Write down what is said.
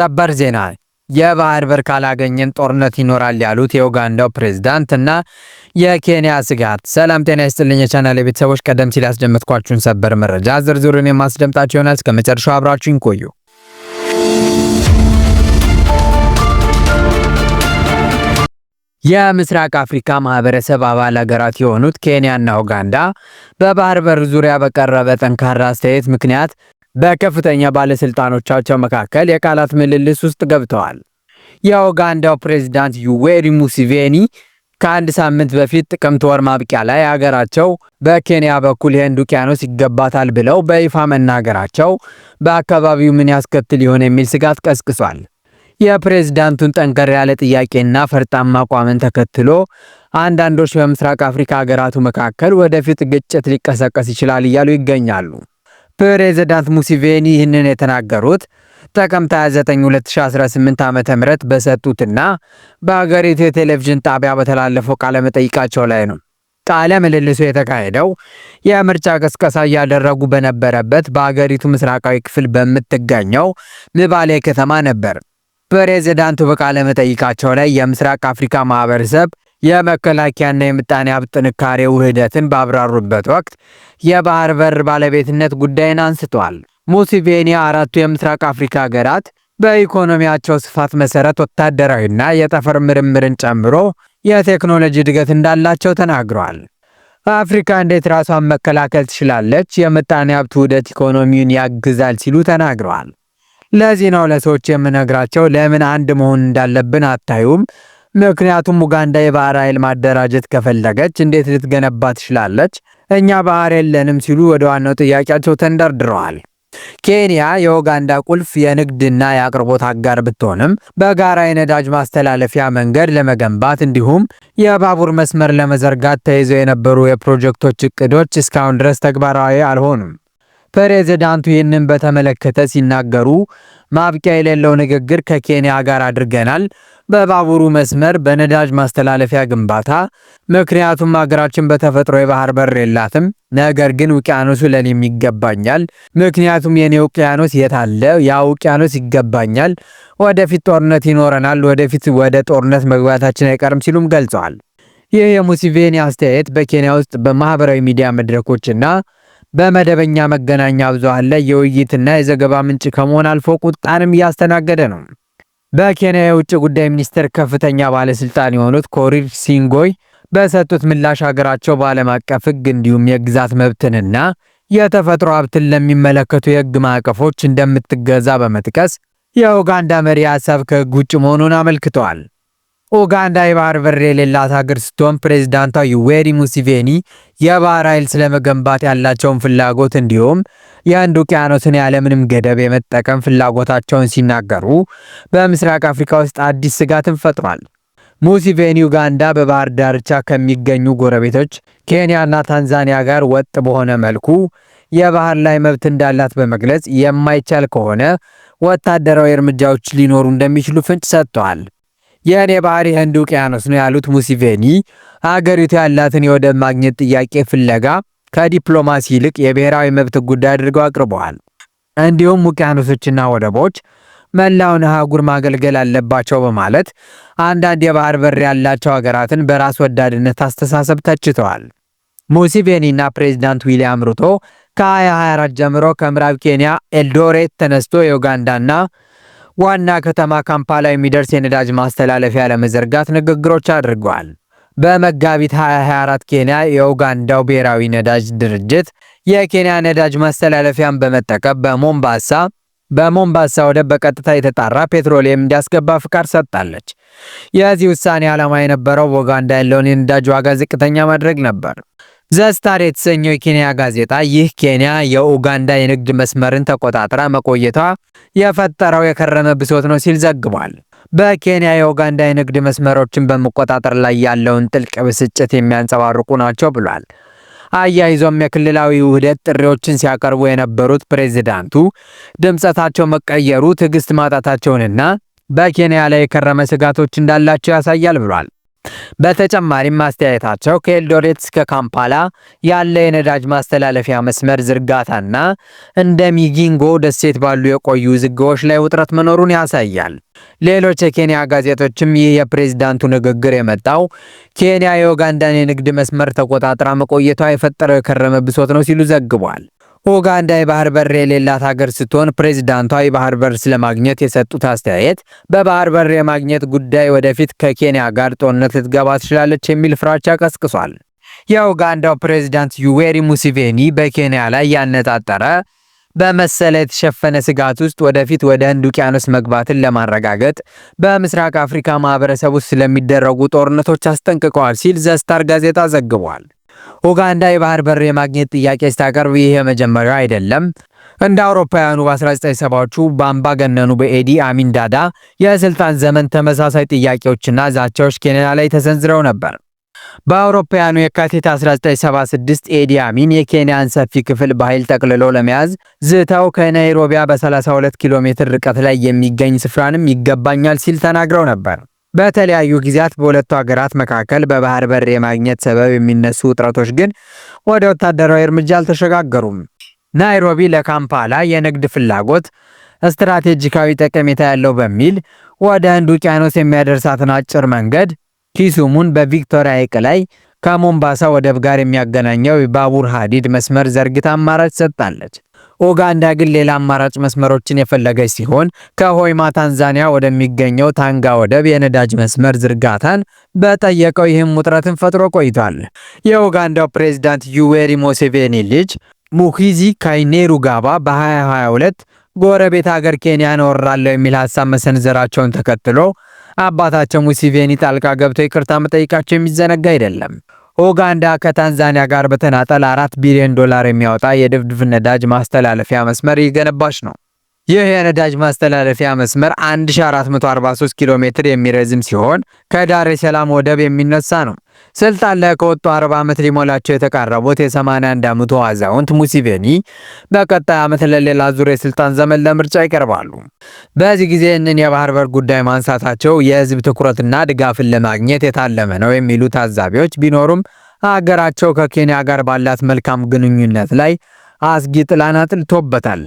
ሰበር ዜና የባህር በር ካላገኘን ጦርነት ይኖራል ያሉት የኡጋንዳው ፕሬዝዳንት እና የኬንያ ስጋት። ሰላም ጤና ይስጥልኝ የቻናል ቤተሰቦች፣ ቀደም ሲል ያስደመጥኳችሁን ሰበር መረጃ ዝርዝሩን የማስደምጣችሁ ይሆናል። እስከ መጨረሻው አብራችሁን ቆዩ። የምስራቅ አፍሪካ ማህበረሰብ አባል ሀገራት የሆኑት ኬንያና ኡጋንዳ በባህር በር ዙሪያ በቀረበ ጠንካራ አስተያየት ምክንያት በከፍተኛ ባለስልጣኖቻቸው መካከል የቃላት ምልልስ ውስጥ ገብተዋል። የኡጋንዳው ፕሬዝዳንት ዩዌሪ ሙሲቬኒ ከአንድ ሳምንት በፊት ጥቅምት ወር ማብቂያ ላይ አገራቸው በኬንያ በኩል የህንድ ውቅያኖስ ይገባታል ብለው በይፋ መናገራቸው በአካባቢው ምን ያስከትል ይሆን የሚል ስጋት ቀስቅሷል። የፕሬዝዳንቱን ጠንከር ያለ ጥያቄና ፈርጣማ አቋምን ተከትሎ አንዳንዶች በምስራቅ አፍሪካ ሀገራቱ መካከል ወደፊት ግጭት ሊቀሰቀስ ይችላል እያሉ ይገኛሉ። ፕሬዚዳንት ሙሲቬኒ ይህንን የተናገሩት ጥቅምት 29 2018 ም በሰጡትና በአገሪቱ የቴሌቪዥን ጣቢያ በተላለፈው ቃለ መጠይቃቸው ላይ ነው። ቃለ ምልልሱ የተካሄደው የምርጫ ቅስቀሳ እያደረጉ በነበረበት በአገሪቱ ምስራቃዊ ክፍል በምትገኘው ምባሌ ከተማ ነበር። ፕሬዚዳንቱ በቃለ መጠይቃቸው ላይ የምስራቅ አፍሪካ ማህበረሰብ የመከላከያና የምጣኔ ሀብት ጥንካሬ ውህደትን ባብራሩበት ወቅት የባህር በር ባለቤትነት ጉዳይን አንስቷል። ሙሲቬኒ አራቱ የምስራቅ አፍሪካ ሀገራት በኢኮኖሚያቸው ስፋት መሰረት ወታደራዊና የጠፈር ምርምርን ጨምሮ የቴክኖሎጂ እድገት እንዳላቸው ተናግረዋል። አፍሪካ እንዴት ራሷን መከላከል ትችላለች? የምጣኔ ሀብት ውህደት ኢኮኖሚውን ያግዛል ሲሉ ተናግረዋል። ለዚህ ነው ለሰዎች የምነግራቸው ለምን አንድ መሆን እንዳለብን አታዩም? ምክንያቱም ኡጋንዳ የባህር ኃይል ማደራጀት ከፈለገች እንዴት ልትገነባ ትችላለች? እኛ ባህር የለንም ሲሉ ወደ ዋናው ጥያቄያቸው ተንደርድረዋል። ኬንያ የኡጋንዳ ቁልፍ የንግድና የአቅርቦት አጋር ብትሆንም በጋራ የነዳጅ ማስተላለፊያ መንገድ ለመገንባት እንዲሁም የባቡር መስመር ለመዘርጋት ተይዘው የነበሩ የፕሮጀክቶች እቅዶች እስካሁን ድረስ ተግባራዊ አልሆኑም። ፕሬዚዳንቱ ይህንን በተመለከተ ሲናገሩ ማብቂያ የሌለው ንግግር ከኬንያ ጋር አድርገናል፣ በባቡሩ መስመር በነዳጅ ማስተላለፊያ ግንባታ። ምክንያቱም አገራችን በተፈጥሮ የባህር በር የላትም፣ ነገር ግን ውቅያኖሱ ለኔም ይገባኛል። ምክንያቱም የኔ ውቅያኖስ የታለ? ያ ውቅያኖስ ይገባኛል። ወደፊት ጦርነት ይኖረናል፣ ወደፊት ወደ ጦርነት መግባታችን አይቀርም ሲሉም ገልጸዋል። ይህ የሙሲቬኒ አስተያየት በኬንያ ውስጥ በማህበራዊ ሚዲያ መድረኮችና በመደበኛ መገናኛ ብዙሃን ላይ የውይይትና የዘገባ ምንጭ ከመሆን አልፎ ቁጣንም እያስተናገደ ነው። በኬንያ የውጭ ጉዳይ ሚኒስቴር ከፍተኛ ባለስልጣን የሆኑት ኮሪር ሲንጎይ በሰጡት ምላሽ ሀገራቸው በዓለም አቀፍ ሕግ እንዲሁም የግዛት መብትንና የተፈጥሮ ሀብትን ለሚመለከቱ የሕግ ማዕቀፎች እንደምትገዛ በመጥቀስ የኡጋንዳ መሪ ሀሳብ ከሕግ ውጭ መሆኑን አመልክተዋል። ኡጋንዳ የባህር በር የሌላት ሀገር ስትሆን ፕሬዚዳንቷ ዩዌሪ ሙሲቬኒ የባህር ኃይል ስለመገንባት ያላቸውን ፍላጎት እንዲሁም የህንድ ውቅያኖስን ያለምንም ገደብ የመጠቀም ፍላጎታቸውን ሲናገሩ በምስራቅ አፍሪካ ውስጥ አዲስ ስጋትን ፈጥሯል። ሙሲቬኒ ኡጋንዳ በባህር ዳርቻ ከሚገኙ ጎረቤቶች ኬንያና ታንዛኒያ ጋር ወጥ በሆነ መልኩ የባህር ላይ መብት እንዳላት በመግለጽ የማይቻል ከሆነ ወታደራዊ እርምጃዎች ሊኖሩ እንደሚችሉ ፍንጭ ሰጥተዋል። የእኔ ባህር የህንድ ውቅያኖስ ነው ያሉት ሙሲቬኒ አገሪቱ ያላትን የወደብ ማግኘት ጥያቄ ፍለጋ ከዲፕሎማሲ ይልቅ የብሔራዊ መብት ጉዳይ አድርገው አቅርበዋል። እንዲሁም ውቅያኖሶችና ወደቦች መላውን አህጉር ማገልገል አለባቸው በማለት አንዳንድ የባህር በር ያላቸው ሀገራትን በራስ ወዳድነት አስተሳሰብ ተችተዋል። ሙሲቬኒና ፕሬዚዳንት ዊልያም ሩቶ ከ2024 ጀምሮ ከምዕራብ ኬንያ ኤልዶሬት ተነስቶ የኡጋንዳና ዋና ከተማ ካምፓላ የሚደርስ የነዳጅ ማስተላለፊያ ለመዘርጋት ንግግሮች አድርጓል በመጋቢት 2024 ኬንያ የኡጋንዳው ብሔራዊ ነዳጅ ድርጅት የኬንያ ነዳጅ ማስተላለፊያን በመጠቀም በሞምባሳ በሞምባሳ ወደብ በቀጥታ የተጣራ ፔትሮሊየም እንዲያስገባ ፍቃድ ሰጥታለች። የዚህ ውሳኔ ዓላማ የነበረው በኡጋንዳ ያለውን የነዳጅ ዋጋ ዝቅተኛ ማድረግ ነበር። ዘስታር የተሰኘው የኬንያ ጋዜጣ ይህ ኬንያ የኡጋንዳ የንግድ መስመርን ተቆጣጥራ መቆየቷ የፈጠረው የከረመ ብሶት ነው ሲል ዘግቧል። በኬንያ የኡጋንዳ የንግድ መስመሮችን በመቆጣጠር ላይ ያለውን ጥልቅ ብስጭት የሚያንጸባርቁ ናቸው ብሏል። አያይዞም የክልላዊ ውህደት ጥሪዎችን ሲያቀርቡ የነበሩት ፕሬዚዳንቱ ድምፀታቸው መቀየሩ ትዕግስት ማጣታቸውንና በኬንያ ላይ የከረመ ስጋቶች እንዳላቸው ያሳያል ብሏል። በተጨማሪም ማስተያየታቸው ከኤልዶሬት እስከ ካምፓላ ያለ የነዳጅ ማስተላለፊያ መስመር ዝርጋታና እንደ ሚጊንጎ ደሴት ባሉ የቆዩ ዝግቦች ላይ ውጥረት መኖሩን ያሳያል። ሌሎች የኬንያ ጋዜጦችም ይህ የፕሬዝዳንቱ ንግግር የመጣው ኬንያ የኡጋንዳን የንግድ መስመር ተቆጣጥራ መቆየቷ የፈጠረው የከረመ ብሶት ነው ሲሉ ዘግቧል። ኡጋንዳ የባህር በር የሌላት ሀገር ስትሆን ፕሬዚዳንቷ የባህር በር ስለማግኘት የሰጡት አስተያየት በባህር በር የማግኘት ጉዳይ ወደፊት ከኬንያ ጋር ጦርነት ልትገባ ትችላለች የሚል ፍራቻ ቀስቅሷል። የኡጋንዳው ፕሬዚዳንት ዩዌሪ ሙሲቬኒ በኬንያ ላይ ያነጣጠረ በመሰለ የተሸፈነ ስጋት ውስጥ ወደፊት ወደ ህንድ ውቅያኖስ መግባትን ለማረጋገጥ በምስራቅ አፍሪካ ማህበረሰብ ውስጥ ስለሚደረጉ ጦርነቶች አስጠንቅቀዋል ሲል ዘስታር ጋዜጣ ዘግቧል። ኡጋንዳ የባህር በር የማግኘት ጥያቄ ስታቀርብ ይህ የመጀመሪያ አይደለም። እንደ አውሮፓውያኑ በ1970ዎቹ በአምባገነኑ በኤዲ አሚን ዳዳ የስልጣን ዘመን ተመሳሳይ ጥያቄዎችና ዛቻዎች ኬንያ ላይ ተሰንዝረው ነበር። በአውሮፓውያኑ የካቲት 1976 ኤዲ አሚን የኬንያን ሰፊ ክፍል በኃይል ጠቅልሎ ለመያዝ ዝተው ከናይሮቢያ በ32 ኪሎ ሜትር ርቀት ላይ የሚገኝ ስፍራንም ይገባኛል ሲል ተናግረው ነበር። በተለያዩ ጊዜያት በሁለቱ ሀገራት መካከል በባህር በር የማግኘት ሰበብ የሚነሱ ውጥረቶች ግን ወደ ወታደራዊ እርምጃ አልተሸጋገሩም። ናይሮቢ ለካምፓላ የንግድ ፍላጎት ስትራቴጂካዊ ጠቀሜታ ያለው በሚል ወደ ህንድ ውቅያኖስ የሚያደርሳትን አጭር መንገድ ኪሱሙን በቪክቶሪያ ሐይቅ ላይ ከሞምባሳ ወደብ ጋር የሚያገናኘው የባቡር ሀዲድ መስመር ዘርግታ አማራጭ ሰጣለች። ኡጋንዳ ግን ሌላ አማራጭ መስመሮችን የፈለገች ሲሆን ከሆይማ ታንዛኒያ ወደሚገኘው ታንጋ ወደብ የነዳጅ መስመር ዝርጋታን በጠየቀው ይህም ውጥረትን ፈጥሮ ቆይቷል። የኡጋንዳው ፕሬዝዳንት ዩዌሪ ሙሴቬኒ ልጅ ሙኪዚ ካይኔሩ ጋባ በ2022 ጎረቤት ሀገር ኬንያን ወራለሁ የሚል ሀሳብ መሰንዘራቸውን ተከትሎ አባታቸው ሙሴቬኒ ጣልቃ ገብተው ይቅርታ መጠይቃቸው የሚዘነጋ አይደለም። ኡጋንዳ ከታንዛኒያ ጋር በተናጠል አራት ቢሊዮን ዶላር የሚያወጣ የድፍድፍ ነዳጅ ማስተላለፊያ መስመር እየገነባች ነው። ይህ የነዳጅ ማስተላለፊያ መስመር 1443 ኪሎ ሜትር የሚረዝም ሲሆን ከዳሬ ሰላም ወደብ የሚነሳ ነው። ስልጣን ላይ ከወጡ 40 ዓመት ሊሞላቸው የተቃረቡት የ81 ዓመቱ አዛውንት ሙሲቬኒ በቀጣይ ዓመት ለሌላ ዙር የስልጣን ዘመን ለምርጫ ይቀርባሉ። በዚህ ጊዜ እንን የባህር በር ጉዳይ ማንሳታቸው የህዝብ ትኩረትና ድጋፍን ለማግኘት የታለመ ነው የሚሉ ታዛቢዎች ቢኖሩም አገራቸው ከኬንያ ጋር ባላት መልካም ግንኙነት ላይ አስጊ ጥላን አጥልቶበታል።